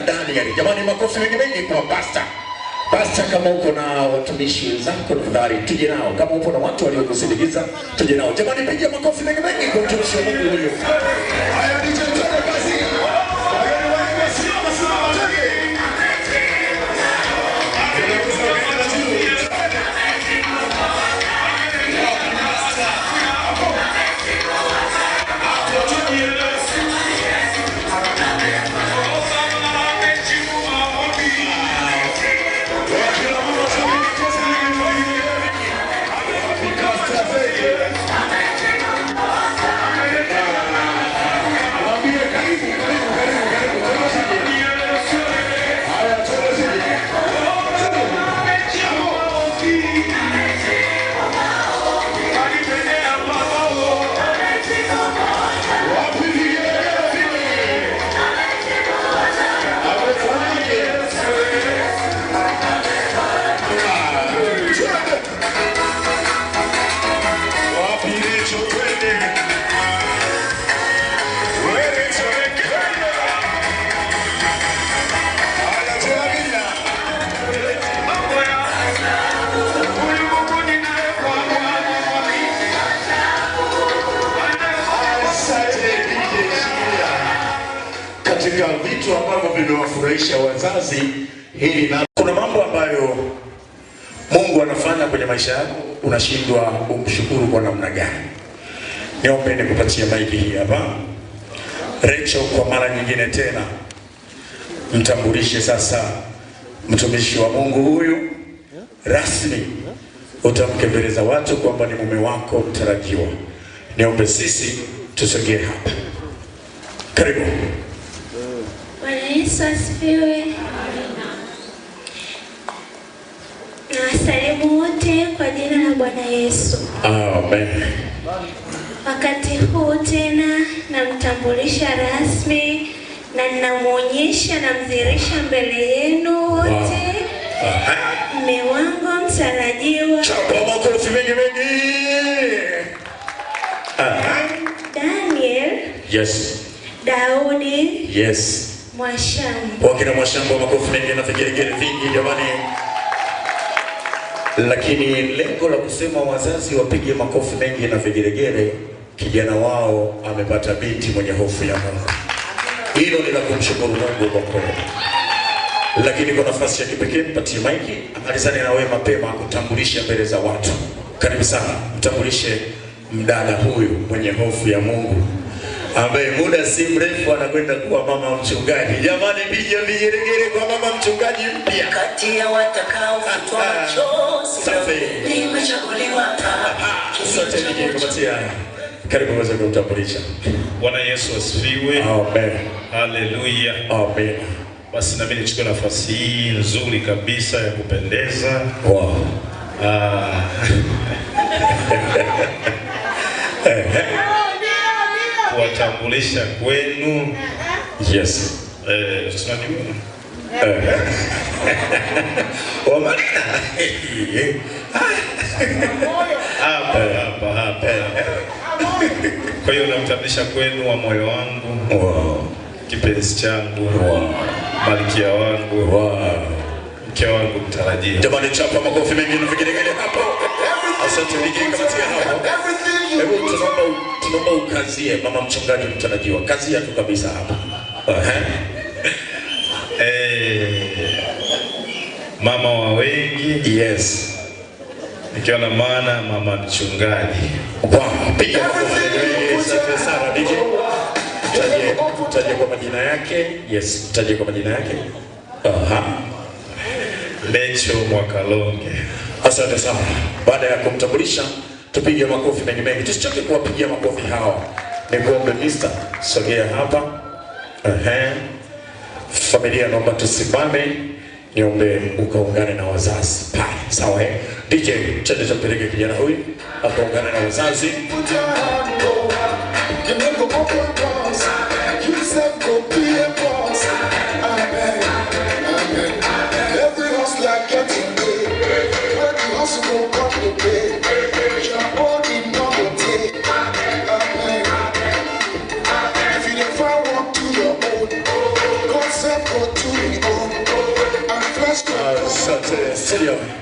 ndani ya Jamani, makofi mengi mengi kwa pasta. Pasta, kama uko na watumishi wenzako, tafadhali tuje nao. Kama uko na watu waliokusindikiza, tuje nao. Jamani, piga makofi mengi mengi kwa mtumishi wa Mungu lililowafurahisha wazazi hili na kuna mambo ambayo Mungu anafanya kwenye maisha yako unashindwa kumshukuru kwa namna gani. Niombe nikupatia maiki hii hapa. recho kwa mara nyingine tena mtambulishe sasa mtumishi wa Mungu huyu rasmi, utamkembeleza watu kwamba ni mume wako mtarajiwa. Niombe sisi tusogee hapa, karibu. Bwana Yesu asifiwe. Na wasalimu wote kwa jina la Bwana Yesu. Amen. Wakati huu tena namtambulisha rasmi na namwonyesha, namdhihirisha mbele yenu wote mme wangu mtarajiwa Daniel. Yes. Daudi. Yes wakina Mwashambo, makofi mengi na vigelegele vingi jamani, lakini lengo la kusema wazazi wapige makofi mengi na vigelegele, kijana wao amepata binti mwenye hofu ya Mungu. Hilo ni la kumshukuru Mungu kwa kweli, lakini kwa nafasi ya kipekee mpatie maiki, amalizane na wewe mapema, kutambulisha mbele za watu. Karibu sana, mtambulishe mdada huyu mwenye hofu ya Mungu ambaye muda si mrefu anakwenda kuwa mama mchungaji. Jamani, piga vigeregere kwa mama mchungaji mpya. Kati ya watakao kutoa chozi nimechaguliwa kama karibu waweze kumtambulisha. Bwana Yesu asifiwe. Amen. Haleluya. Amen. Basi na mimi nichukue nafasi hii nzuri kabisa ya kupendeza. Wow. Ah. kujitambulisha kwenu. Yes. Eh, eh. eh. Kwa hiyo namtambulisha kwenu wa moyo wangu. Wow. Kipenzi changu. Wow. Malkia wangu. Wow. Mke wangu mtarajia. Jamani, chapa makofi mengi na vigelegele hapo. Asante, nigenge katika hapo. Everything you tukazie, mama mchungaji mtarajiwa, kazia tu kabisa hapa mama wa wengi yes, nikiwa na maana mama mchungaji taje kwa majina yake yes, taje kwa majina yake aha, Lecho Mwakalonge. Asante sana. Baada ya kumtambulisha Tupige makofi mengi mengi, tusichoke kuwapigia makofi hawa. Migombe Mista, sogea hapa. Ehe, familia, naomba tusimame, niombe ukaungane na wazazi pale, sawa? Eh, DJ chende champeleke kijana huyu akaungane na wazazi Senhor.